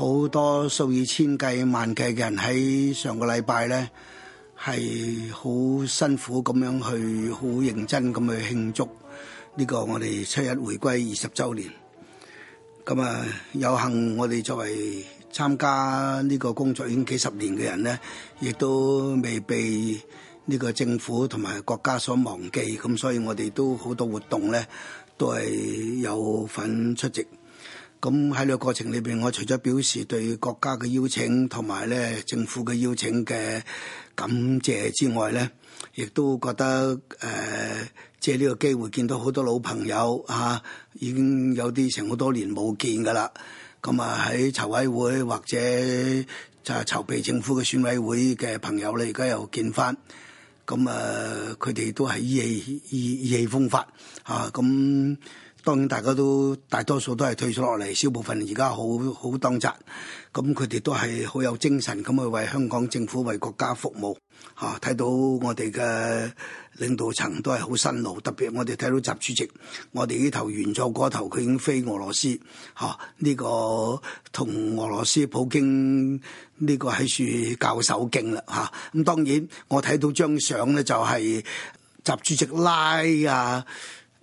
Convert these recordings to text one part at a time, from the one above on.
好多數以千計萬計嘅人喺上個禮拜咧，係好辛苦咁樣去，好認真咁去慶祝呢個我哋七一回歸二十週年。咁啊，有幸我哋作為參加呢個工作已經幾十年嘅人咧，亦都未被呢個政府同埋國家所忘記。咁所以，我哋都好多活動咧，都係有份出席。咁喺呢個過程裏邊，我除咗表示對國家嘅邀請同埋咧政府嘅邀請嘅感謝之外咧，亦都覺得誒、呃、借呢個機會見到好多老朋友，啊，已經有啲成好多年冇見噶啦。咁啊喺籌委會或者就係籌備政府嘅選委會嘅朋友咧，而家又見翻，咁啊佢哋都係意氣意氣風發咁。啊當然大家都大多數都係退咗落嚟，小部分而家好好當責。咁佢哋都係好有精神，咁去為香港政府、為國家服務。吓，睇到我哋嘅領導層都係好辛勞，特別我哋睇到習主席，我哋呢頭援助，嗰頭佢已經飛俄羅斯。吓、這、呢個同俄羅斯普京呢、這個喺處較手勁啦。咁當然我睇到張相咧，就係習主席拉啊。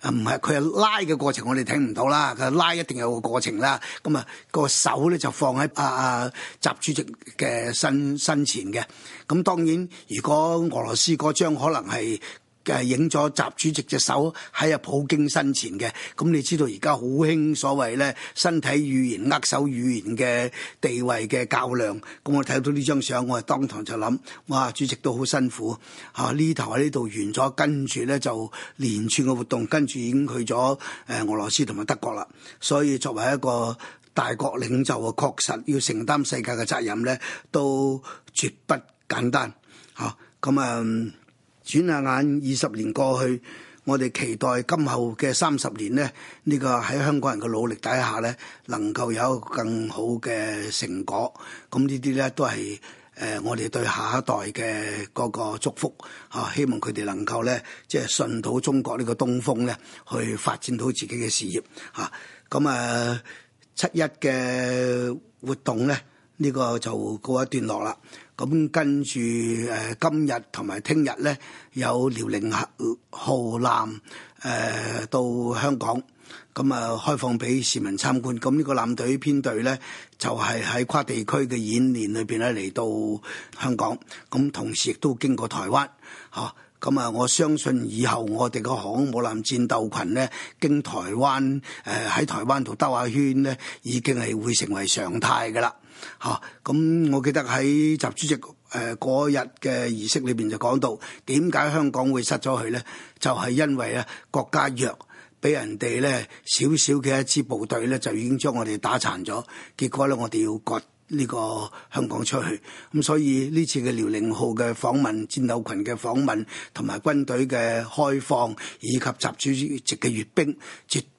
啊，唔係佢係拉嘅過程我，我哋聽唔到啦。佢拉一定有個過程啦。咁啊，個手咧就放喺啊啊習主席嘅身身前嘅。咁當然，如果俄羅斯嗰張可能係。係影咗習主席隻手喺阿普京身前嘅，咁你知道而家好興所謂咧，身體語言、握手語言嘅地位嘅較量，咁我睇到呢張相，我係當堂就諗，哇！主席都好辛苦，呢頭喺呢度完咗，跟住咧就連串嘅活動，跟住已經去咗誒、呃、俄羅斯同埋德國啦。所以作為一個大國領袖啊，確實要承擔世界嘅責任咧，都絕不簡單嚇。咁啊～、嗯轉眼二十年過去，我哋期待今後嘅三十年咧，呢個喺香港人嘅努力底下咧，能夠有更好嘅成果。咁呢啲咧都係誒我哋對下一代嘅嗰個祝福，希望佢哋能夠咧，即係順到中國呢個東風咧，去發展到自己嘅事業嚇。咁啊，七一嘅活動咧，呢個就告一段落啦。咁跟住誒今日同埋聽日咧，有遼寧號艦誒到香港，咁啊開放俾市民參觀。咁呢個艦隊編隊咧，就係喺跨地區嘅演練裏面咧嚟到香港。咁同時亦都經過台灣吓。咁啊，我相信以後我哋個航空母艦戰鬥群咧，經台灣誒喺台灣度兜下圈咧，已經係會成為常態㗎啦。咁、啊、我記得喺習主席嗰日嘅儀式裏面就講到，點解香港會失咗佢呢？就係、是、因為國家弱，俾人哋呢少少嘅一支部隊呢，就已經將我哋打殘咗。結果呢，我哋要割呢個香港出去。咁所以呢次嘅遼寧號嘅訪問、戰鬥群嘅訪問，同埋軍隊嘅開放，以及習主席嘅閱兵，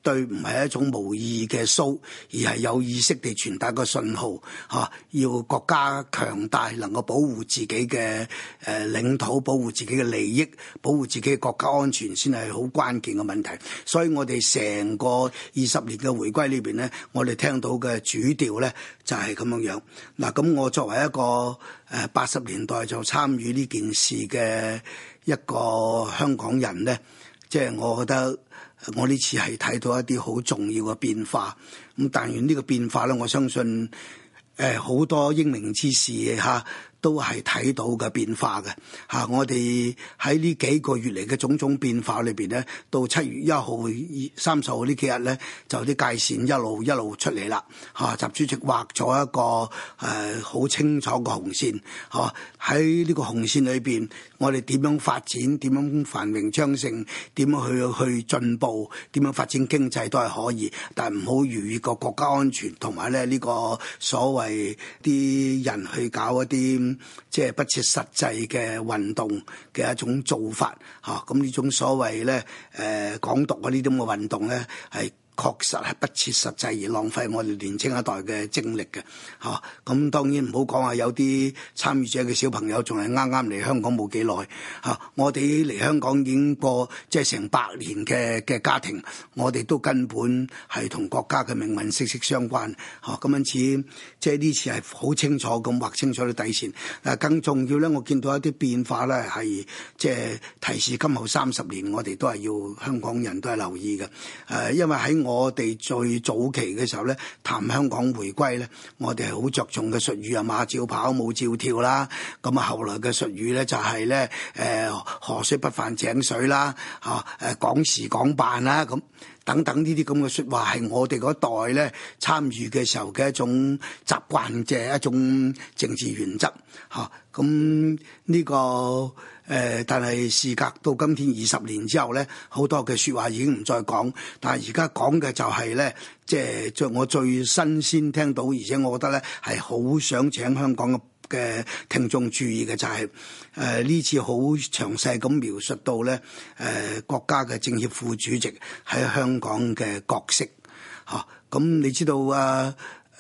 對唔係一種無意義嘅騷，而係有意識地傳達個信號，吓，要國家強大，能夠保護自己嘅誒領土，保護自己嘅利益，保護自己嘅國家安全，先係好關鍵嘅問題。所以我哋成個二十年嘅回歸裏邊呢，我哋聽到嘅主調呢，就係咁樣樣。嗱，咁我作為一個誒八十年代就參與呢件事嘅一個香港人呢，即係我覺得。我呢次係睇到一啲好重要嘅變化，咁但願呢個變化咧，我相信誒好多英明之士吓。都係睇到嘅變化嘅嚇、啊，我哋喺呢幾個月嚟嘅種種變化裏邊咧，到七月一號、三十號呢幾日咧，就啲界線一路一路出嚟啦嚇。習主席畫咗一個誒好、呃、清楚嘅紅線嚇，喺、啊、呢個紅線裏邊，我哋點樣發展、點樣繁榮昌盛、點樣去去進步、點樣發展經濟都係可以，但唔好逾越個國家安全，同埋咧呢、呢個所謂啲人去搞一啲。即係不切實際嘅運動嘅一種做法嚇，咁呢種所謂咧誒、呃、港獨啊呢啲咁嘅運動咧，係確實係不切實際而浪費我哋年輕一代嘅精力嘅嚇。咁當然唔好講話有啲參與者嘅小朋友仲係啱啱嚟香港冇幾耐嚇，我哋嚟香港已經過即係成百年嘅嘅家庭，我哋都根本係同國家嘅命運息息相關嚇，咁樣似。即係呢次係好清楚咁劃清楚啲底線，誒更重要咧，我見到一啲變化咧係即係提示今後三十年我哋都係要香港人都係留意嘅，誒，因為喺我哋最早期嘅時候咧談香港回歸咧，我哋係好着重嘅術語啊，馬照跑，舞照跳啦，咁啊後來嘅術語咧就係咧誒河水不犯井水啦，嚇誒港事港辦啦咁。等等呢啲咁嘅說話係我哋嗰代咧參與嘅時候嘅一種習慣，即係一種政治原則嚇。咁呢個誒，但係事隔到今天二十年之後咧，好多嘅說話已經唔再講，但係而家講嘅就係咧，即係著我最新鮮聽到，而且我覺得咧係好想請香港嘅。嘅聽眾注意嘅就係誒，呢次好詳細咁描述到咧誒、呃、國家嘅政協副主席喺香港嘅角色吓，咁、啊嗯、你知道啊？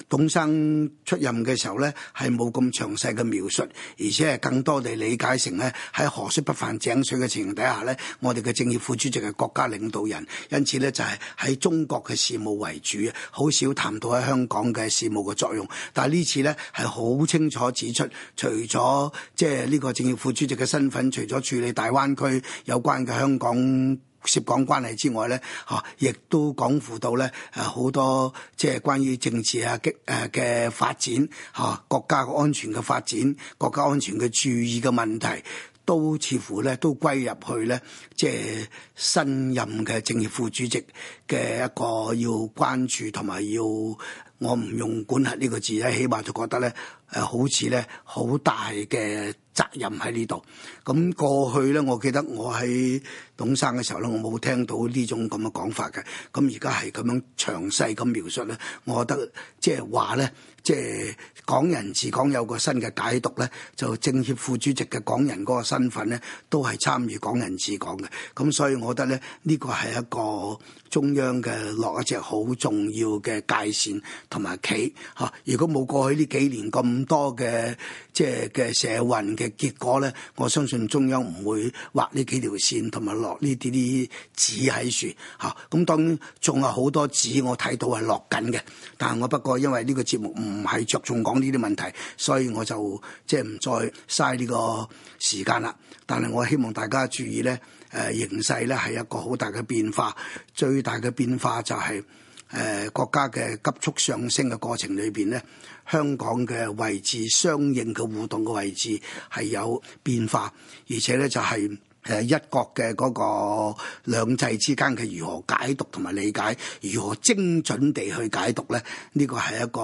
董生出任嘅時候呢，係冇咁詳細嘅描述，而且係更多地理解成呢，喺河水不犯井水嘅情形底下呢，我哋嘅政協副主席係國家領導人，因此呢，就係喺中國嘅事務為主，好少談到喺香港嘅事務嘅作用。但係呢次呢，係好清楚指出，除咗即係呢個政協副主席嘅身份，除咗處理大灣區有關嘅香港。涉港關係之外咧，嚇，亦都講乎到咧好多，即係關於政治啊、激嘅發展，嚇，國家嘅安全嘅發展，國家安全嘅注意嘅問題，都似乎咧都歸入去咧，即係新任嘅政協副主席嘅一個要關注同埋要，我唔用管轄呢個字，起碼就覺得咧好似咧好大嘅責任喺呢度。咁過去咧，我記得我喺董生嘅時候咧，我冇聽到呢種咁嘅講法嘅。咁而家係咁樣詳細咁描述咧，我覺得即係話咧，即係港人治港有個新嘅解讀咧，就政協副主席嘅港人嗰個身份咧，都係參與港人治港嘅。咁所以我覺得咧，呢個係一個中央嘅落一隻好重要嘅界線同埋企吓，如果冇過去呢幾年咁多嘅即係嘅社運嘅結果咧，我相信中央唔會畫呢幾條線同埋落。落呢啲啲紙喺樹嚇，咁當然仲有好多紙，我睇到係落緊嘅。但係我不過因為呢個節目唔係着重講呢啲問題，所以我就即係唔再嘥呢個時間啦。但係我希望大家注意咧，誒、呃、形勢咧係一個好大嘅變化。最大嘅變化就係、是、誒、呃、國家嘅急速上升嘅過程裏邊咧，香港嘅位置相應嘅互動嘅位置係有變化，而且咧就係、是。誒，一國嘅嗰個兩制之間嘅如何解讀同埋理解，如何精準地去解讀咧？呢個係一個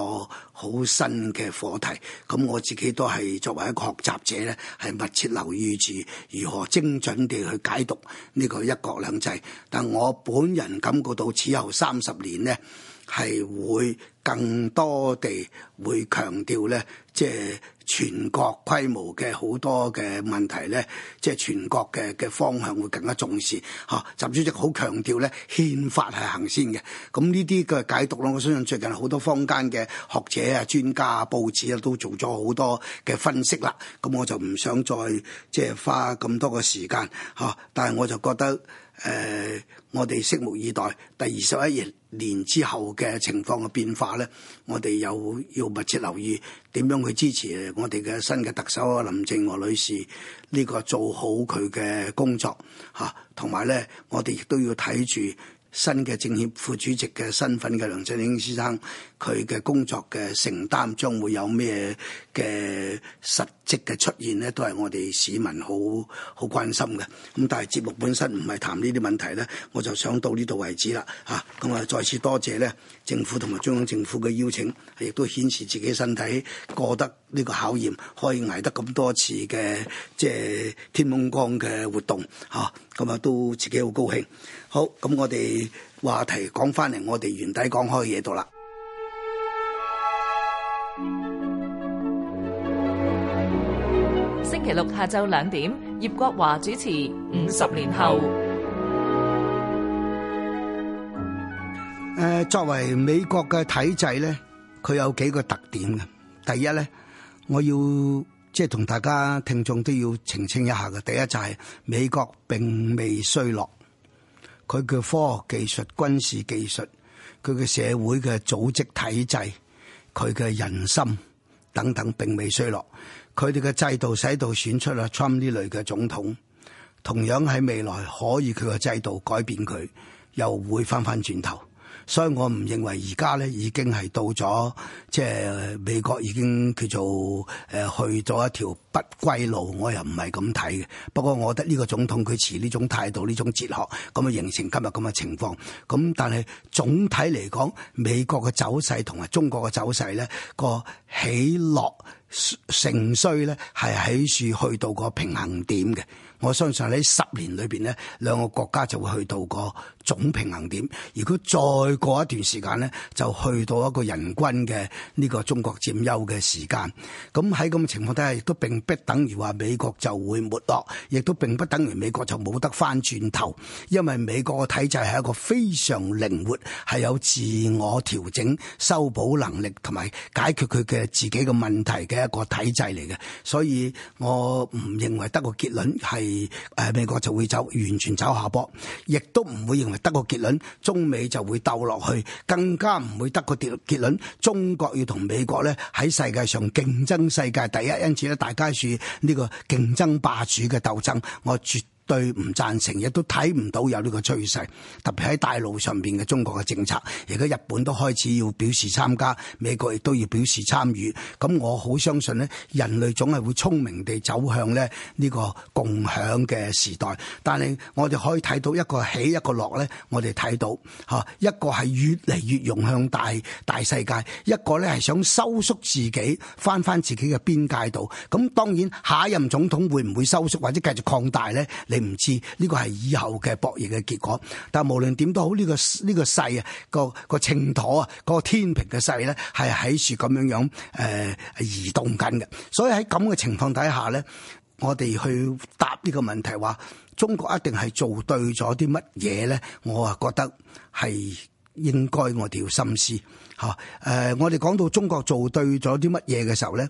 好新嘅課題。咁我自己都係作為一個學習者咧，係密切留意住如何精準地去解讀呢個一國兩制。但我本人感覺到此後三十年咧。係會更多地會強調咧，即係全國規模嘅好多嘅問題咧，即係全國嘅嘅方向會更加重視。嚇，習主席好強調咧，憲法係行先嘅。咁呢啲嘅解讀咧，我相信最近好多坊間嘅學者啊、專家、報紙啊都做咗好多嘅分析啦。咁我就唔想再即係花咁多嘅時間嚇，但係我就覺得。誒、呃，我哋拭目以待第二十一年之後嘅情況嘅變化咧，我哋又要密切留意點樣去支持我哋嘅新嘅特首啊林鄭和女士呢、這個做好佢嘅工作嚇，同埋咧我哋亦都要睇住。新嘅政協副主席嘅身份嘅梁振英先生，佢嘅工作嘅承擔將會有咩嘅實質嘅出現咧？都係我哋市民好好關心嘅。咁但係節目本身唔係談呢啲問題咧，我就想到呢度為止啦。吓、啊，咁啊再次多謝咧政府同埋中央政府嘅邀請，亦都顯示自己身體過得呢個考驗，可以挨得咁多次嘅即係天濛光嘅活動吓，咁啊都自己好高興。好，咁我哋話題講翻嚟，我哋原底講開嘢度啦。星期六下晝兩點，葉國華主持《五十年後》。誒，作為美國嘅體制咧，佢有幾個特點嘅。第一咧，我要即係同大家聽眾都要澄清一下嘅。第一就係美國並未衰落。佢嘅科學技術軍事技術，佢嘅社會嘅組織體制，佢嘅人心等等並未衰落。佢哋嘅制度使到選出阿 Trump 呢類嘅總統，同樣喺未來可以佢嘅制度改變佢，又會翻翻轉頭。所以我唔認為而家咧已經係到咗，即係美國已經叫做誒去咗一條不歸路，我又唔係咁睇嘅。不過我覺得呢個總統佢持呢種態度、呢種哲學，咁啊形成今日咁嘅情況。咁但係總體嚟講，美國嘅走勢同埋中國嘅走勢咧，個起落盛衰咧，係喺處去到個平衡點嘅。我相信喺十年裏邊咧，兩個國家就會去到個總平衡點。如果再過一段時間咧，就去到一個人均嘅呢個中國佔優嘅時間。咁喺咁嘅情況底下，亦都並不等於話美國就會沒落，亦都並不等於美國就冇得翻轉頭。因為美國嘅體制係一個非常靈活，係有自我調整、修補能力同埋解決佢嘅自己嘅問題嘅一個體制嚟嘅。所以我唔認為得個結論係。誒，美國就會走完全走下坡，亦都唔會認為得個結論，中美就會鬥落去，更加唔會得個結結論，中國要同美國咧喺世界上競爭世界第一，因此咧，大家處呢個競爭霸主嘅鬥爭，我絕對唔贊成，亦都睇唔到有呢個趨勢。特別喺大陸上面嘅中國嘅政策，而家日本都開始要表示參加，美國亦都要表示參與。咁我好相信呢，人類總係會聰明地走向呢呢個共享嘅時代。但係我哋可以睇到一個起一個落。呢我哋睇到一個係越嚟越融向大大世界，一個呢係想收縮自己，翻翻自己嘅邊界度。咁當然下一任總統會唔會收縮或者繼續擴大呢？你唔知呢個係以後嘅博弈嘅結果，但無論點都好，呢、這個呢、這個勢啊，個個秤砣啊，個天平嘅勢咧，係喺處咁樣樣誒、呃、移動緊嘅。所以喺咁嘅情況底下咧，我哋去答呢個問題話，中國一定係做對咗啲乜嘢咧？我啊覺得係應該我哋要深思吓。誒、呃，我哋講到中國做對咗啲乜嘢嘅時候咧。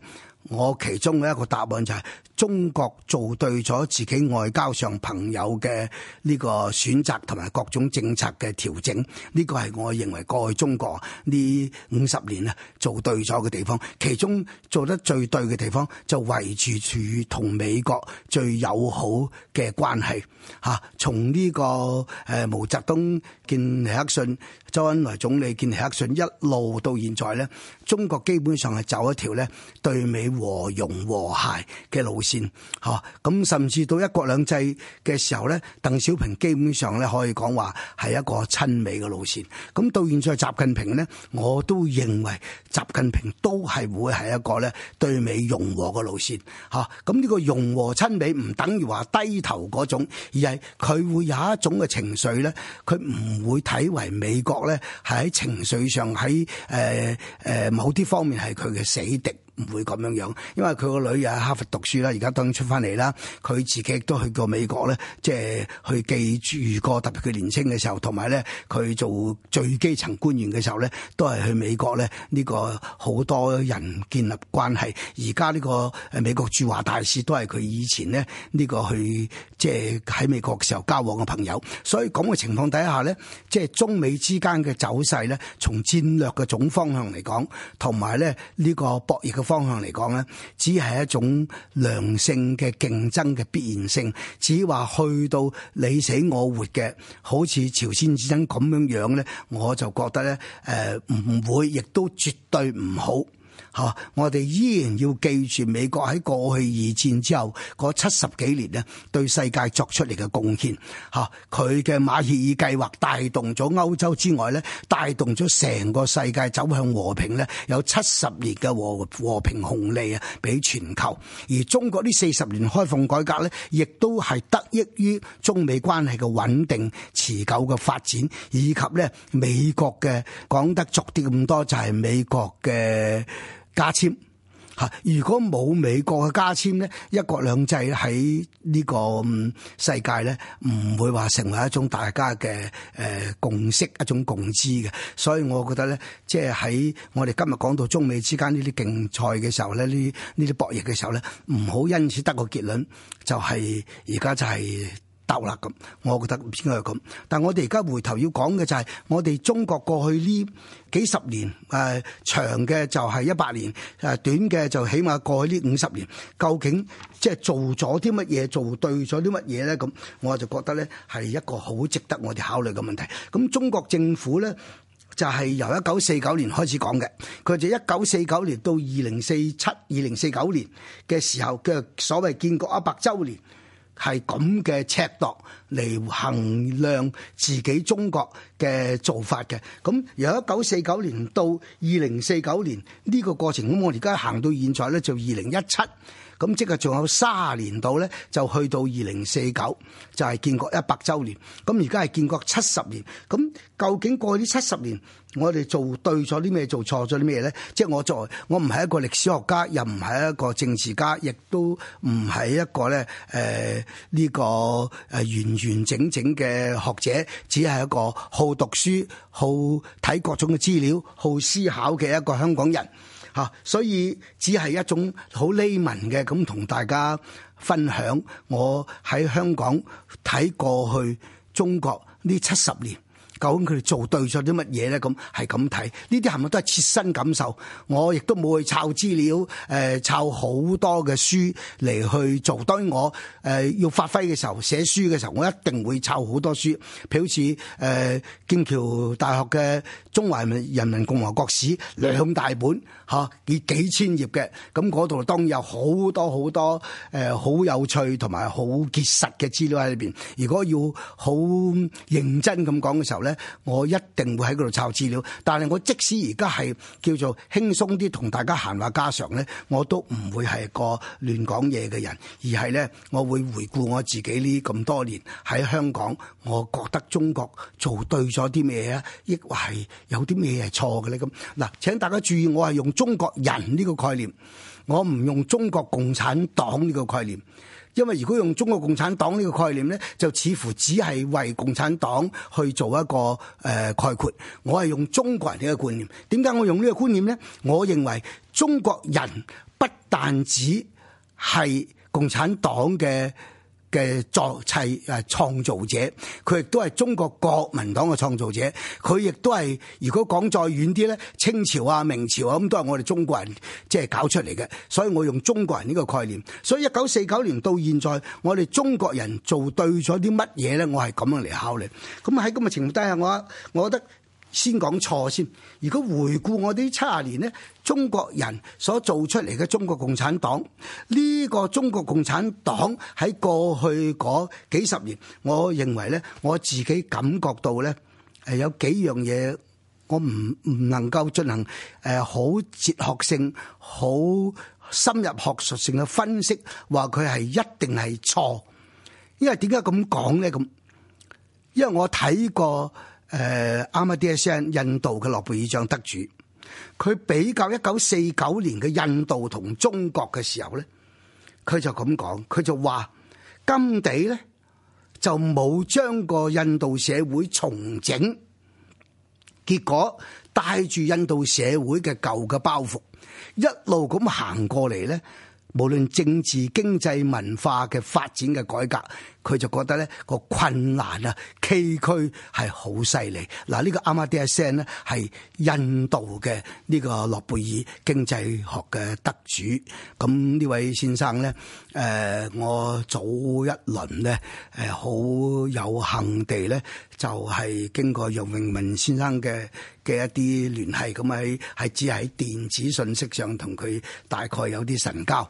我其中嘅一個答案就係中國做對咗自己外交上朋友嘅呢個選擇同埋各種政策嘅調整，呢個係我認為過去中國呢五十年啊做對咗嘅地方。其中做得最對嘅地方就維持住同美國最友好嘅關係。嚇，從呢個誒毛澤東見尼克遜，周恩來總理見尼克遜一路到現在咧。中國基本上係走一條咧對美和融和諧嘅路線，嚇咁甚至到一國兩制嘅時候咧，鄧小平基本上咧可以講話係一個親美嘅路線。咁到現在習近平咧，我都認為習近平都係會係一個咧對美融和嘅路線，嚇咁呢個融和親美唔等於話低頭嗰種，而係佢會有一種嘅情緒咧，佢唔會睇為美國咧係喺情緒上喺誒誒。某啲方面係佢嘅死敵。唔會咁樣樣，因為佢個女又喺哈佛讀書啦，而家當然出翻嚟啦。佢自己亦都去過美國咧，即係去記住過。特別佢年青嘅時候，同埋咧佢做最基層官員嘅時候咧，都係去美國咧。呢個好多人建立關係。而家呢個美國駐華大使都係佢以前呢呢個去即係喺美國嘅時候交往嘅朋友。所以咁嘅情況底下咧，即係中美之間嘅走勢咧，從戰略嘅總方向嚟講，同埋咧呢個博弈嘅。方向嚟講咧，只係一種良性嘅競爭嘅必然性，只話去到你死我活嘅，好似朝鮮戰爭咁樣樣咧，我就覺得咧，誒、呃、唔會，亦都絕對唔好。吓，我哋依然要記住美國喺過去二戰之後嗰七十幾年呢，對世界作出嚟嘅貢獻。吓，佢嘅馬歇爾計劃帶動咗歐洲之外呢，帶動咗成個世界走向和平呢，有七十年嘅和和平紅利啊，俾全球。而中國呢四十年開放改革呢，亦都係得益於中美關係嘅穩定持久嘅發展，以及呢美國嘅講得俗啲咁多，就係、是、美國嘅。加簽吓，如果冇美國嘅加簽咧，一國兩制喺呢個世界咧，唔會話成為一種大家嘅誒共識一種共知嘅，所以我覺得咧，即係喺我哋今日講到中美之間呢啲競賽嘅時候咧，呢呢啲博弈嘅時候咧，唔好因此得個結論就係而家就係、是。鬥啦咁，我覺得應該係咁。但我哋而家回頭要講嘅就係、是、我哋中國過去呢幾十年，誒、呃、長嘅就係一百年，短嘅就起碼過去呢五十年，究竟即係做咗啲乜嘢，做對咗啲乜嘢咧？咁我就覺得咧係一個好值得我哋考慮嘅問題。咁中國政府咧就係、是、由一九四九年開始講嘅，佢就一九四九年到二零四七、二零四九年嘅時候，嘅所謂建國一百周年。係咁嘅尺度嚟衡量自己中國嘅做法嘅，咁由一九四九年到二零四九年呢個過程，咁我而家行到現在咧就二零一七。咁即係仲有卅年度咧，就去到二零四九，就係建國一百週年。咁而家係建國七十年，咁究竟過呢七十年，我哋做對咗啲咩？做錯咗啲咩咧？即係我作為我唔係一個歷史學家，又唔係一個政治家，亦都唔係一個咧誒呢個完完整整嘅學者，只係一個好讀書、好睇各種嘅資料、好思考嘅一個香港人。啊、所以只係一種好匿文嘅咁同大家分享，我喺香港睇過去中國呢七十年，究竟佢哋做對咗啲乜嘢咧？咁係咁睇，呢啲係咪都係切身感受？我亦都冇去抄資料，誒抄好多嘅書嚟去做。當然我誒要發揮嘅時候，寫書嘅時候，我一定會抄好多書。譬如好似誒劍橋大學嘅《中華人民共和國史》兩大本。吓，幾幾千頁嘅，咁嗰度當然有好多好多誒，好有趣同埋好結實嘅資料喺裏面。如果要好認真咁講嘅時候咧，我一定會喺嗰度抄資料。但係我即使而家係叫做輕鬆啲同大家閒話家常咧，我都唔會係個亂講嘢嘅人，而係咧，我會回顧我自己呢咁多年喺香港，我覺得中國做對咗啲咩啊，抑或係有啲咩係錯嘅咧？咁嗱，請大家注意，我係用，中國人呢個概念，我唔用中國共產黨呢個概念，因為如果用中國共產黨呢個概念呢，就似乎只係為共產黨去做一個誒、呃、概括。我係用中國人呢個觀念。點解我用呢個觀念呢？我認為中國人不但止係共產黨嘅。嘅創砌誒創造者，佢亦都係中國國民黨嘅創造者，佢亦都係如果講再遠啲咧，清朝啊、明朝啊咁都係我哋中國人即係搞出嚟嘅，所以我用中國人呢個概念。所以一九四九年到現在，我哋中國人做對咗啲乜嘢咧？我係咁樣嚟考慮。咁喺咁嘅情況底下，我我覺得。先講錯先。如果回顧我哋七十年咧，中國人所做出嚟嘅中國共產黨，呢個中國共產黨喺過去嗰幾十年，我認為咧，我自己感覺到咧，有幾樣嘢我唔唔能夠進行誒好哲學性、好深入學術性嘅分析，話佢係一定係錯。因為點解咁講咧？咁因為我睇過。誒，啱啱啲嘅聲，印度嘅諾貝爾獎得主，佢比較一九四九年嘅印度同中國嘅時候咧，佢就咁講，佢就話，甘地咧就冇將個印度社會重整，結果帶住印度社會嘅舊嘅包袱，一路咁行過嚟咧。無論政治、經濟、文化嘅發展嘅改革，佢就覺得咧、呢個困難啊崎嶇係好犀利。嗱、啊，這個、呢個阿馬蒂亞•森咧係印度嘅呢個諾貝爾經濟學嘅得主。咁呢位先生咧，誒、呃、我早一輪咧，誒、呃、好有幸地咧。就係、是、經過楊永文先生嘅嘅一啲聯繫，咁喺係只喺電子信息上同佢大概有啲神交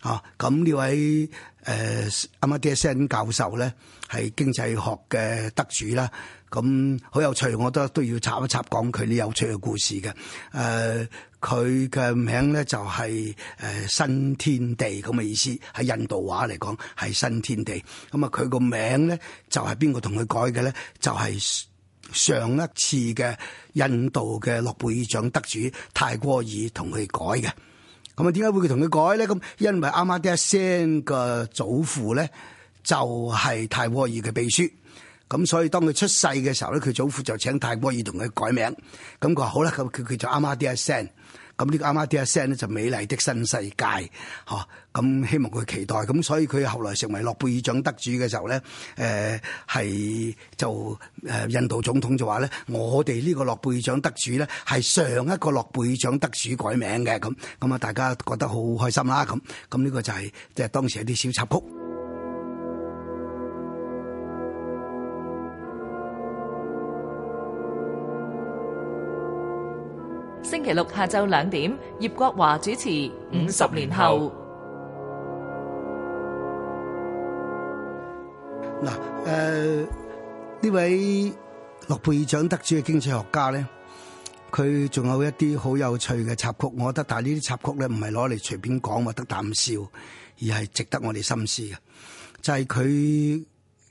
啊！咁呢位誒阿馬蒂亞森教授咧係經濟學嘅得主啦，咁好有趣，我覺得都，都要插一插講佢啲有趣嘅故事嘅誒。呃佢嘅名咧就係誒新天地咁嘅意思，喺印度話嚟講，係新天地。咁啊，佢個名咧就係邊個同佢改嘅咧？就係、是、上一次嘅印度嘅諾貝爾獎得主泰戈爾同佢改嘅。咁啊，點解會佢同佢改咧？咁因為阿馬蒂亞森嘅祖父咧就係泰戈爾嘅秘書，咁所以當佢出世嘅時候咧，佢祖父就請泰戈爾同佢改名。咁佢話好啦，咁佢佢就阿馬蒂亞森。咁呢啱啱啲阿 Sir 咧就美麗的新世界嚇，咁希望佢期待，咁所以佢後來成為諾貝爾獎得主嘅時候咧，誒係就誒印度總統就話咧，我哋呢個諾貝爾獎得主咧係上一個諾貝爾獎得主改名嘅，咁咁啊大家覺得好開心啦，咁咁呢個就係即係當時一啲小插曲。星期六下晝兩點，葉國華主持《五十年後》後。嗱，誒，呢位諾貝爾獎得主嘅經濟學家咧，佢仲有一啲好有趣嘅插曲，我覺得，但係呢啲插曲咧唔係攞嚟隨便講或得啖笑，而係值得我哋深思嘅，就係佢。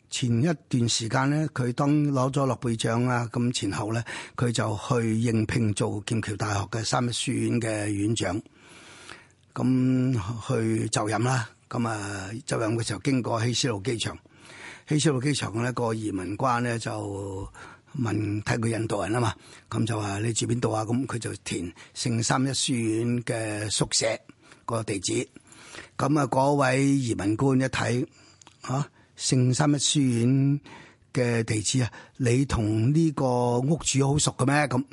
前一段時間咧，佢當攞咗諾貝獎啊，咁前後咧，佢就去應聘做劍橋大學嘅三一書院嘅院長，咁去就任啦。咁啊，就任嘅時候經過希斯路機場，希斯路機場呢個移民官咧就問，睇佢印度人啊嘛，咁就話你住邊度啊？咁佢就填聖三一書院嘅宿舍個地址。咁啊，嗰位移民官一睇聖三一書院嘅地址啊，你同呢個屋主好熟嘅咩？咁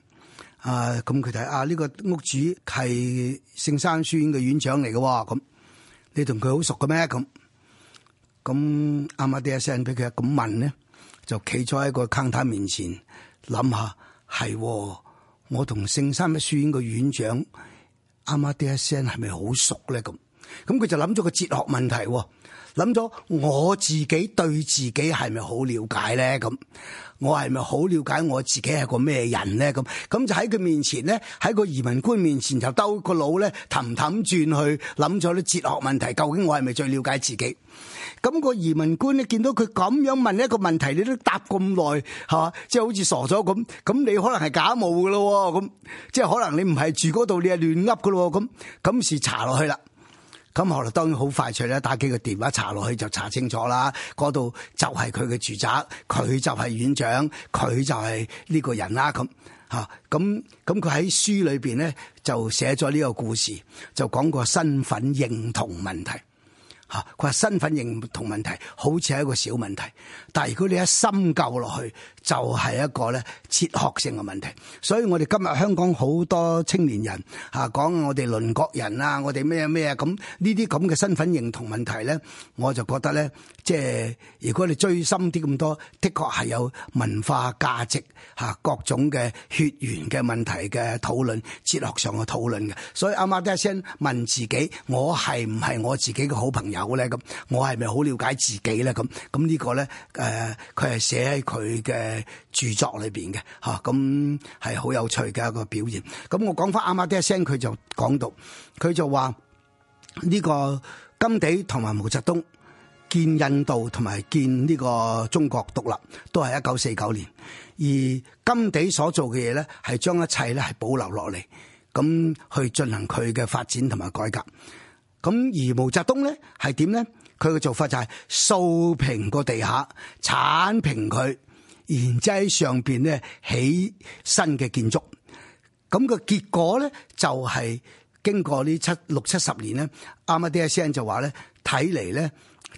啊，咁佢睇啊，呢個屋主係聖三書院嘅院長嚟嘅，咁你同佢好熟嘅咩？咁咁阿馬蒂亞森俾佢咁問咧，就企咗喺一個坑太面前諗下，係我同聖三一書院嘅院長阿馬蒂亞森係咪好熟咧？咁咁佢就諗咗個哲學問題。諗咗我自己對自己係咪好了解咧？咁我係咪好了解我自己係個咩人咧？咁咁就喺佢面前咧，喺個移民官面前就兜個腦咧，氹氹轉去諗咗啲哲學問題。究竟我係咪最了解自己？咁個移民官咧，見到佢咁樣問一個問題，你都答咁耐，嚇，即係好似傻咗咁。咁你可能係假冒㗎咯，咁即係可能你唔係住嗰度，你係亂噏㗎咯，咁咁時查落去啦。咁後來當然好快脆咧，打幾個電話查落去就查清楚啦。嗰度就係佢嘅住宅，佢就係院長，佢就係呢個人啦、啊。咁咁咁佢喺書裏面咧就寫咗呢個故事，就講個身份認同問題吓，佢話身份認同問題好似係一個小問題，但如果你一深究落去，.就係、是、一個咧哲學性嘅問題，所以我哋今日香港好多青年人嚇講我哋鄰國人啊，我哋咩咩啊，咁呢啲咁嘅身份認同問題咧，我就覺得咧，即係如果你追深啲咁多，的確係有文化價值嚇，各種嘅血緣嘅問題嘅討論，哲學上嘅討論嘅。所以阿馬蒂亞森問自己：我係唔係我自己嘅好朋友咧？咁我係咪好了解自己咧？咁、這、咁、個、呢個咧誒，佢、呃、係寫喺佢嘅。誒，著作裏邊嘅吓，咁係好有趣嘅一個表現。咁我講翻阿馬蒂亞森，佢就講到，佢就話呢個甘地同埋毛澤東建印度同埋建呢個中國獨立都係一九四九年，而甘地所做嘅嘢咧係將一切咧係保留落嚟，咁去進行佢嘅發展同埋改革。咁而毛澤東咧係點咧？佢嘅做法就係掃平個地下，鏟平佢。然之後喺上面咧起新嘅建築，咁個結果咧就係經過呢七六七十年咧，啱啱啲阿森就話咧，睇嚟咧。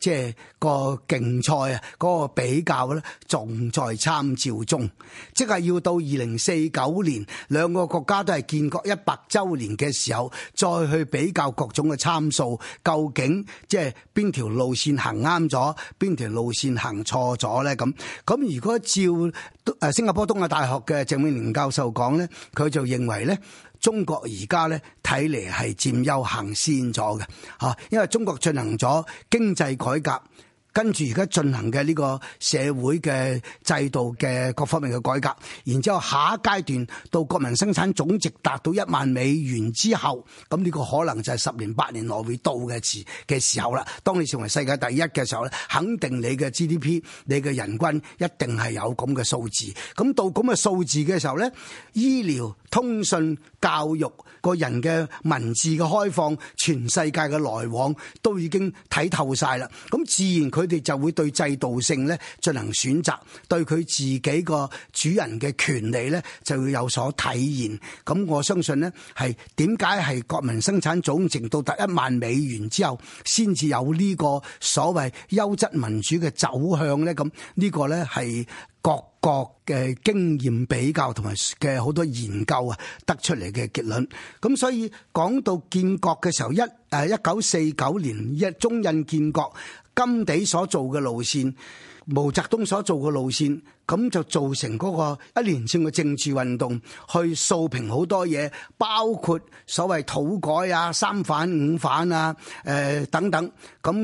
即係個競賽啊，嗰個比較咧，仲在參照中，即係要到二零四九年兩個國家都係建國一百週年嘅時候，再去比較各種嘅參數，究竟即係邊條路線行啱咗，邊條路線行錯咗咧？咁咁如果照誒新加坡東亞大學嘅鄭永年教授講咧，佢就認為咧。中國而家咧睇嚟係佔優行先咗嘅，啊，因為中國進行咗經濟改革，跟住而家進行嘅呢個社會嘅制度嘅各方面嘅改革，然之後下一階段到國民生產總值達到一萬美元之後，咁呢個可能就係十年八年內會到嘅時嘅時候啦。當你成為世界第一嘅時候咧，肯定你嘅 GDP、你嘅人均一定係有咁嘅數字。咁到咁嘅數字嘅時候咧，醫療。通信、教育、個人嘅文字嘅開放、全世界嘅來往都已經睇透晒啦。咁自然佢哋就會對制度性呢進行選擇，對佢自己個主人嘅權利呢就會有所體現。咁我相信呢，係點解係國民生產總值到達一萬美元之後，先至有呢個所謂優質民主嘅走向呢？咁呢個呢係。各國嘅經驗比較同埋嘅好多研究啊，得出嚟嘅結論。咁所以講到建國嘅時候，一誒一九四九年一中印建國，甘地所做嘅路線。毛澤東所做嘅路線，咁就造成嗰個一連串嘅政治運動，去掃平好多嘢，包括所謂土改啊、三反五反啊、誒、呃、等等，咁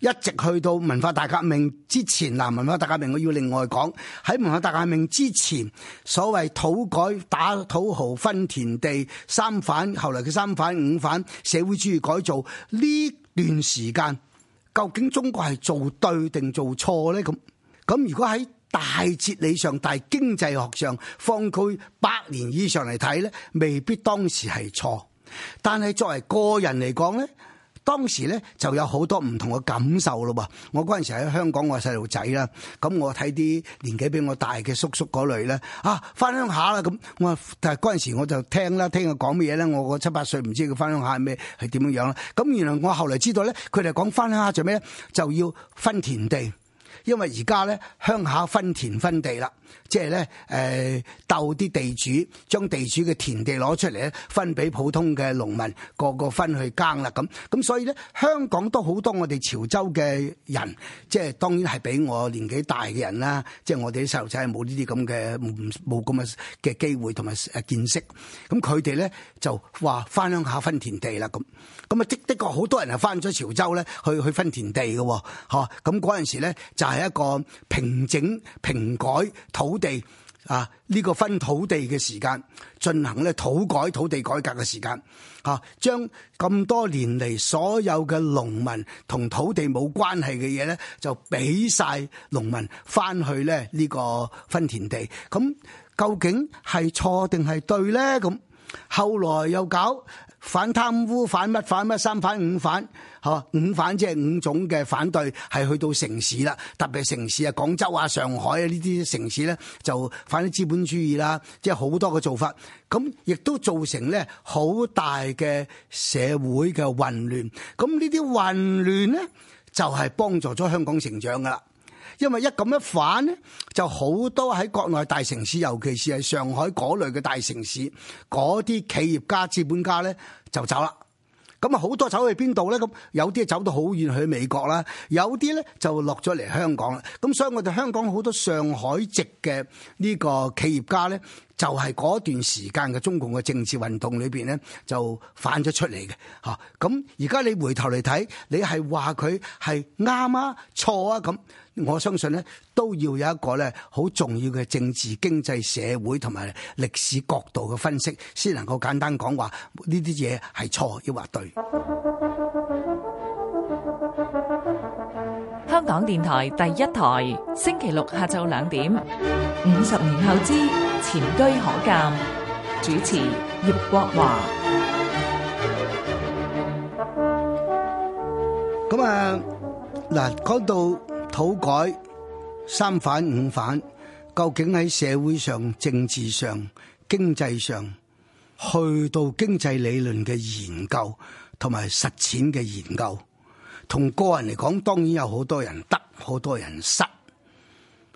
一直去到文化大革命之前嗱。文化大革命我要另外講，喺文化大革命之前，所謂土改、打土豪、分田地、三反，後來嘅三反五反、社會主義改造呢段時間。究竟中國係做對定做錯呢？咁咁如果喺大哲理上、大經濟學上，放佢百年以上嚟睇呢，未必當時係錯。但係作為個人嚟講呢。當時咧就有好多唔同嘅感受咯噃，我嗰陣時喺香港我細路仔啦，咁我睇啲年紀比我大嘅叔叔嗰類咧，啊翻鄉下啦咁，我但係嗰陣時我就聽啦，聽佢講乜嘢咧，我個七八歲唔知佢翻鄉下係咩係點樣樣啦，咁原來我後來知道咧，佢哋講翻鄉下做咩咧，就要分田地，因為而家咧鄉下分田分地啦。即係咧，誒鬥啲地主，將地主嘅田地攞出嚟咧，分俾普通嘅農民，個個分去耕啦咁。咁所以咧，香港都好多我哋潮州嘅人，即係當然係俾我年紀大嘅人啦。即係我哋啲細路仔係冇呢啲咁嘅冇咁嘅嘅機會同埋誒見識，咁佢哋咧就話翻鄉下分田地啦咁。咁啊的的確好多人係翻咗潮州咧去去分田地嘅喎，咁嗰陣時咧就係一個平整平改土地。地啊，呢個分土地嘅時間進行咧，土改土地改革嘅時間啊，將咁多年嚟所有嘅農民同土地冇關係嘅嘢咧，就俾晒農民翻去咧呢個分田地。咁究竟係錯定係對咧？咁後來又搞。反貪污、反乜反乜三反五反，吓，五反即係五種嘅反對，係去到城市啦，特別城市啊，廣州啊、上海啊呢啲城市咧，就反啲資本主義啦，即係好多嘅做法，咁亦都造成咧好大嘅社會嘅混亂，咁呢啲混亂咧就係、是、幫助咗香港成長噶啦。因為一咁一反咧，就好多喺國內大城市，尤其是係上海嗰類嘅大城市，嗰啲企業家、資本家咧就走啦。咁好多走去邊度咧？咁有啲走到好遠去美國啦，有啲咧就落咗嚟香港啦。咁所以我哋香港好多上海籍嘅呢個企業家咧，就係嗰段時間嘅中共嘅政治運動裏面咧，就反咗出嚟嘅嚇。咁而家你回頭嚟睇，你係話佢係啱啊、錯啊咁？我相信咧，都要有一個咧好重要嘅政治、經濟、社會同埋歷史角度嘅分析，先能夠簡單講話呢啲嘢係錯抑或對。香港電台第一台，星期六下晝兩點，五十年後之前車可鑑，主持葉國華。咁啊，嗱講到。土改、三反五反，究竟喺社會上、政治上、經濟上，去到經濟理論嘅研究同埋實踐嘅研究，同個人嚟講，當然有好多人得，好多人失，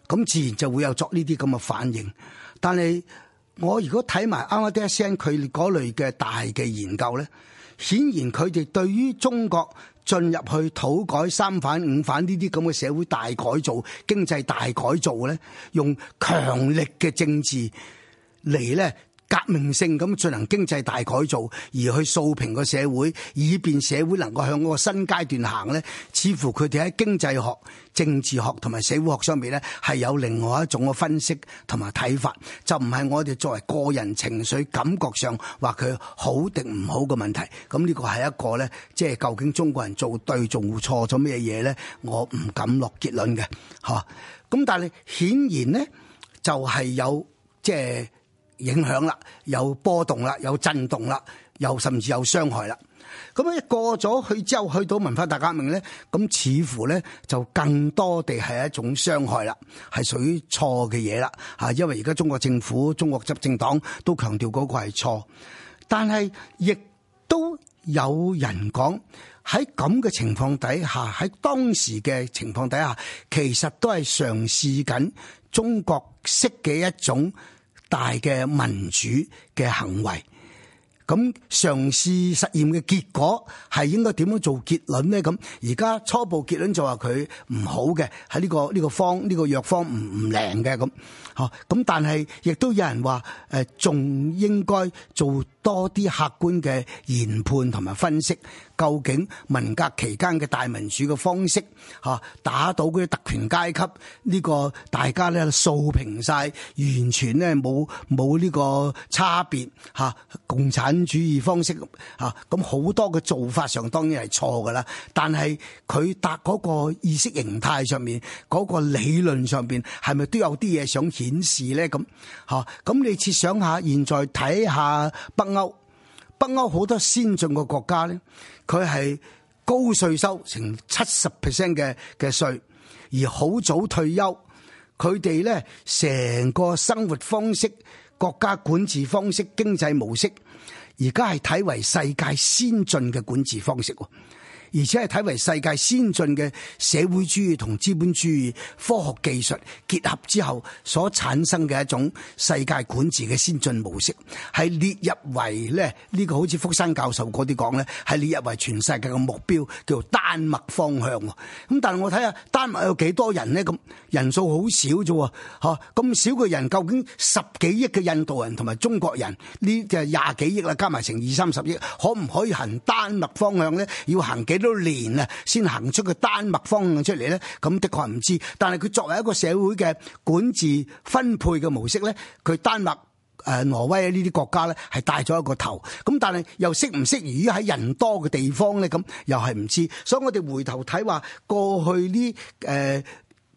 咁自然就會有作呢啲咁嘅反應。但係我如果睇埋啱啱啲人寫佢嗰類嘅大嘅研究咧，顯然佢哋對於中國。進入去土改、三反、五反呢啲咁嘅社會大改造、經濟大改造咧，用強力嘅政治嚟咧，革命性咁進行經濟大改造，而去掃平個社會，以便社會能夠向嗰個新階段行咧。似乎佢哋喺經濟學、政治學同埋社會學上面咧，係有另外一種嘅分析同埋睇法，就唔係我哋作為個人情緒感覺上話佢好定唔好嘅問題。咁呢個係一個咧，即係究竟中國人做對做錯咗咩嘢咧？我唔敢落結論嘅，嚇。咁但係顯然咧，就係有即係。影響啦，有波動啦，有震動啦，又甚至有傷害啦。咁一過咗去之後，去到文化大革命咧，咁似乎咧就更多地係一種傷害啦，係屬於錯嘅嘢啦。嚇，因為而家中國政府、中國執政黨都強調嗰個係錯，但係亦都有人講喺咁嘅情況底下，喺當時嘅情況底下，其實都係嘗試緊中國式嘅一種。大嘅民主嘅行為，咁嘗試實驗嘅結果係應該點樣做結論咧？咁而家初步結論就話，佢唔好嘅，喺呢個呢個方呢、這個藥方唔唔靈嘅咁。吓，咁但係亦都有人話，誒，仲應該做。多啲客觀嘅研判同埋分析，究竟文革期間嘅大民主嘅方式吓打倒嗰啲特權階級呢、呢個大家咧掃平晒完全咧冇冇呢個差別吓、啊、共產主義方式吓咁好多嘅做法上當然係錯㗎啦，但係佢達嗰個意識形態上面嗰、嗰個理論上邊係咪都有啲嘢想顯示咧咁吓咁你設想下，現在睇下北歐北歐好多先進嘅國家咧，佢係高稅收成，成七十 percent 嘅嘅稅，而好早退休，佢哋咧成個生活方式，國家管治方式，經濟模式，而家係睇為世界先進嘅管治方式。而且係睇為世界先進嘅社會主義同資本主義科學技術結合之後所產生嘅一種世界管治嘅先進模式，係列入為咧呢、呢個好似福山教授嗰啲講咧，係列入為全世界嘅目標叫做丹麥方向。咁但係我睇下丹麥有幾多人咧？咁人數好少啫喎，咁少嘅人，究竟十幾億嘅印度人同埋中國人呢？就係廿幾億啦，加埋成二三十億可唔可以行丹麥方向咧？要行幾。幾多年啊，先行出個丹麥方向出嚟咧？咁的確唔知，但係佢作為一個社會嘅管治分配嘅模式咧，佢丹麥誒、呃、挪威呢啲國家咧係帶咗一個頭。咁但係又適唔適宜於喺人多嘅地方咧？咁又係唔知。所以我哋回頭睇話過去呢誒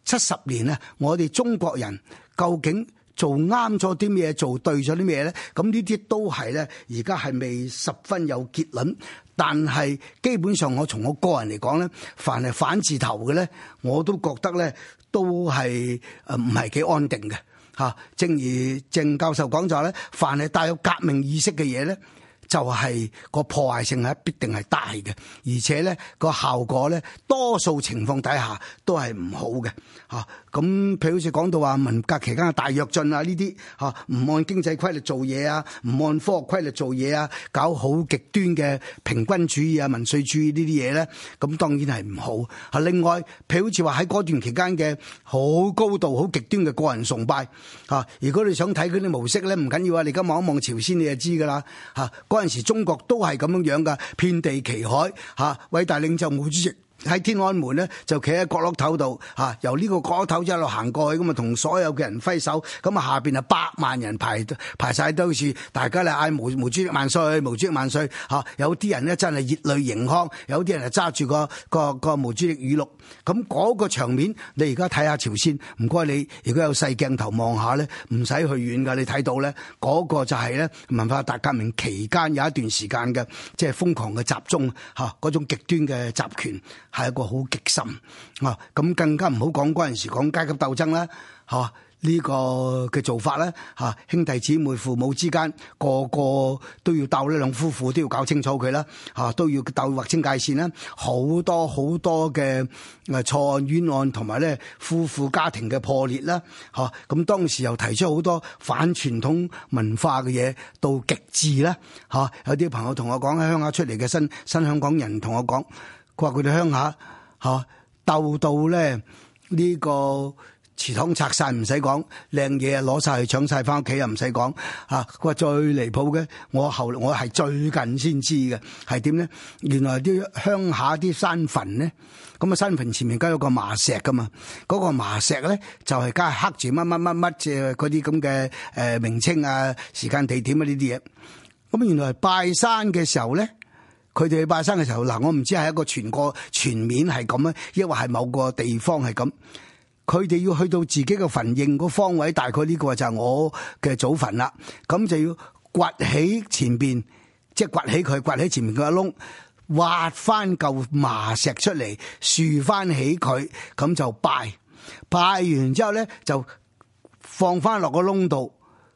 七十年啊，我哋中國人究竟做啱咗啲咩，做對咗啲咩咧？咁呢啲都係咧，而家係未十分有結論。但係基本上，我從我個人嚟講咧，凡係反字頭嘅咧，我都覺得咧都係誒唔係幾安定嘅嚇。正如鄭教授講咗咧，凡係帶有革命意識嘅嘢咧，就係、是、個破壞性係必定係大嘅，而且咧個效果咧，多數情況底下都係唔好嘅嚇。咁譬如好似講到話文革期間嘅大躍進啊，呢啲嚇，唔按經濟規律做嘢啊，唔按科學規律做嘢啊，搞好極端嘅平均主義啊、民粹主義呢啲嘢咧，咁當然係唔好。另外譬如好似話喺嗰段期間嘅好高度好極端嘅個人崇拜，如果你想睇嗰啲模式咧，唔緊要啊，你而家望一望朝鮮你就知㗎啦。嗰陣時中國都係咁樣樣㗎，遍地旗海嚇，偉大領袖毛主席。喺天安門咧，就企喺角落頭度，由呢個角落頭一路行過去，咁啊同所有嘅人揮手，咁啊下邊啊百萬人排排晒都好似大家嚟嗌毛毛主席萬歲，毛主席萬歲，有啲人咧真係熱淚盈眶，有啲人啊揸住個、那個個毛主席語錄，咁、那、嗰個場面，你而家睇下朝鮮，唔該你如果有細鏡頭望下咧，唔使去遠噶，你睇到咧嗰、那個就係咧文化大革命期間有一段時間嘅即係瘋狂嘅集中嗰種極端嘅集權。係一個好極深啊！咁更加唔好講嗰陣時講階級鬥爭啦，吓、啊、呢、這個嘅做法咧，吓、啊、兄弟姊妹父母之間個個都要鬥呢，兩夫婦都要搞清楚佢啦，吓、啊、都要鬥，劃清界線啦，好、啊、多好多嘅錯案冤案同埋咧夫婦家庭嘅破裂啦，吓、啊、咁、啊啊、當時又提出好多反傳統文化嘅嘢，到極致啦，吓、啊啊、有啲朋友同我講，喺鄉下出嚟嘅新新香港人同我講。話佢哋鄉下吓鬥到咧，呢個祠堂拆晒唔使講，靚嘢攞晒去搶晒翻屋企又唔使講吓。佢話、啊、最離譜嘅，我後來我係最近先知嘅係點咧？原來啲鄉下啲山墳咧，咁啊山墳前面加有個麻石噶嘛，嗰、嗰個麻石咧就係加刻住乜乜乜乜即係嗰啲咁嘅誒名稱啊、時間地點啊呢啲嘢。咁原來拜山嘅時候咧。佢哋去拜山嘅時候，嗱，我唔知係一個全國全面係咁啊，抑或係某個地方係咁。佢哋要去到自己嘅墳應個方位，大概呢個就係我嘅祖墳啦。咁就要掘起前邊，即係掘起佢，掘起前面個窿，挖翻嚿麻石出嚟，豎翻起佢，咁就拜。拜完之後咧，就放翻落個窿度，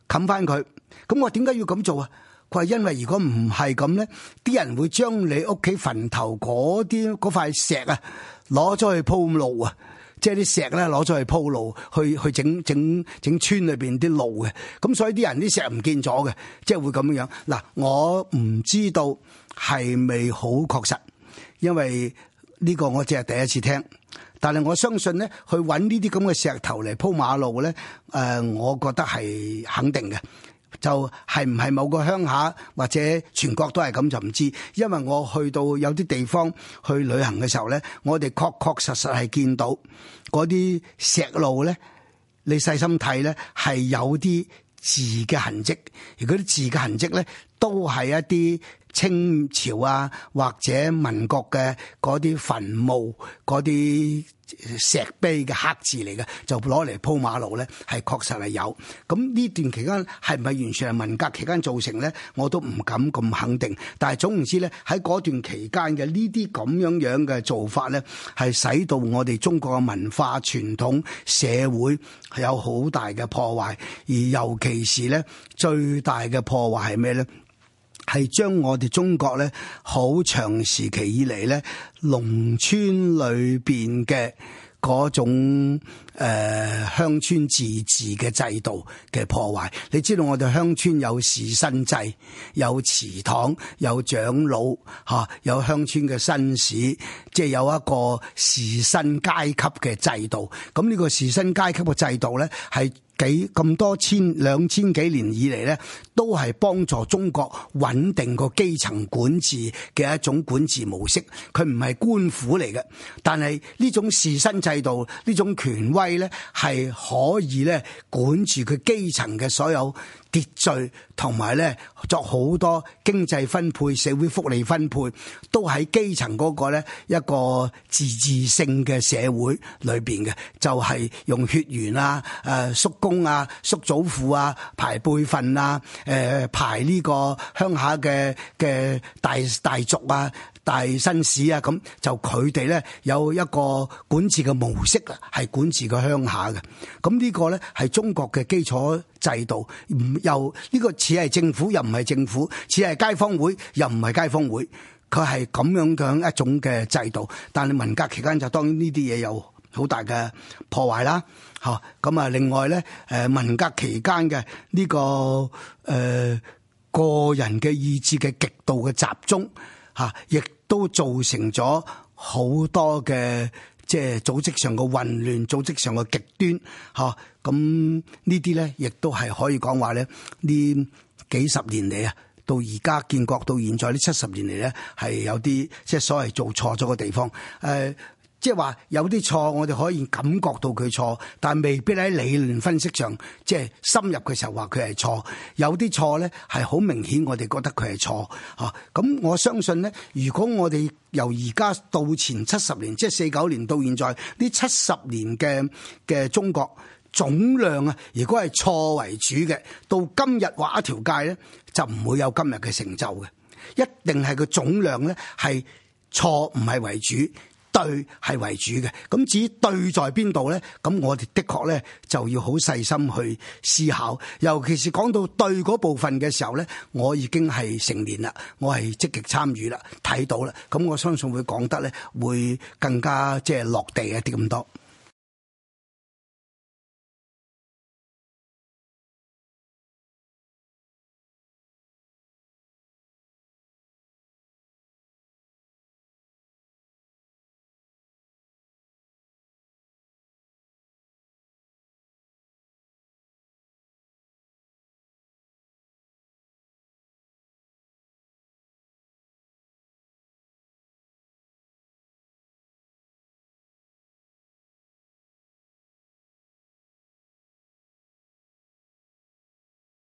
冚翻佢。咁我點解要咁做啊？佢因為如果唔係咁咧，啲人會將你屋企墳頭嗰啲嗰塊石啊，攞咗去鋪路啊，即係啲石咧攞咗去鋪路，去去整整整村裏邊啲路嘅。咁所以啲人啲石唔見咗嘅，即係會咁樣嗱，我唔知道係咪好確實，因為呢個我只係第一次聽。但係我相信咧，去搵呢啲咁嘅石頭嚟鋪馬路咧，誒，我覺得係肯定嘅。就係唔係某個鄉下或者全國都係咁就唔知，因為我去到有啲地方去旅行嘅時候咧，我哋確確實實係見到嗰啲石路咧，你細心睇咧，係有啲字嘅痕跡，而嗰啲字嘅痕跡咧，都係一啲清朝啊或者民國嘅嗰啲墳墓嗰啲。那些石碑嘅刻字嚟嘅，就攞嚟鋪馬路咧，係確實係有。咁呢段期間係唔係完全係文革期間造成咧？我都唔敢咁肯定。但係總之咧，喺嗰段期間嘅呢啲咁樣樣嘅做法咧，係使到我哋中國嘅文化傳統、社會係有好大嘅破壞。而尤其是咧，最大嘅破壞係咩咧？係將我哋中國咧，好長時期以嚟，咧，農村裏邊嘅嗰種誒呃、鄉村自治嘅制度嘅破壞，你知道我哋鄉村有士紳制，有祠堂，有長老吓、啊，有鄉村嘅紳士，即係有一個士紳階級嘅制度。咁呢個士紳階級嘅制度咧係。喺咁多千兩千幾年以嚟咧，都係幫助中國穩定個基層管治嘅一種管治模式。佢唔係官府嚟嘅，但係呢種士紳制度呢種權威咧，係可以咧管住佢基層嘅所有秩序同埋咧，作好多經濟分配、社會福利分配，都喺基層嗰個咧一個自治性嘅社會裏邊嘅，就係用血緣啊、誒叔公啊、叔祖父啊、排輩份啊、誒排呢個鄉下嘅嘅大大族啊。大紳士啊，咁就佢哋咧有一個管治嘅模式啊，係管治個鄉下嘅。咁呢個咧係中國嘅基礎制度，唔又呢個似係政府又唔係政府，似係街坊會又唔係街坊會，佢係咁樣嘅一種嘅制度。但係文革期間就當然呢啲嘢有好大嘅破壞啦。吓咁啊另外咧，誒文革期間嘅呢個誒、呃、個人嘅意志嘅極度嘅集中吓亦。都造成咗好多嘅即係組織上嘅混亂，組織上嘅極端嚇。咁呢啲咧，亦都係可以講話咧，呢幾十年嚟啊，到而家建國到現在呢七十年嚟咧，係有啲即係所謂做錯咗嘅地方，呃即係話有啲錯，我哋可以感覺到佢錯，但未必喺理論分析上，即係深入嘅時候話佢係錯。有啲錯咧係好明顯，我哋覺得佢係錯吓。咁，啊，我相信咧，如果我哋由而家到前七十年，即係四九年到現在，呢七十年嘅嘅中國總量啊，如果係錯為主嘅，到今日畫一條界咧，就唔會有今日嘅成就嘅。一定係個總量咧係錯唔係為主。對係為主嘅，咁至於對在邊度呢？咁我哋的確呢，就要好細心去思考，尤其是講到對嗰部分嘅時候呢，我已經係成年啦，我係積極參與啦，睇到啦，咁我相信會講得呢，會更加即係落地一啲咁多。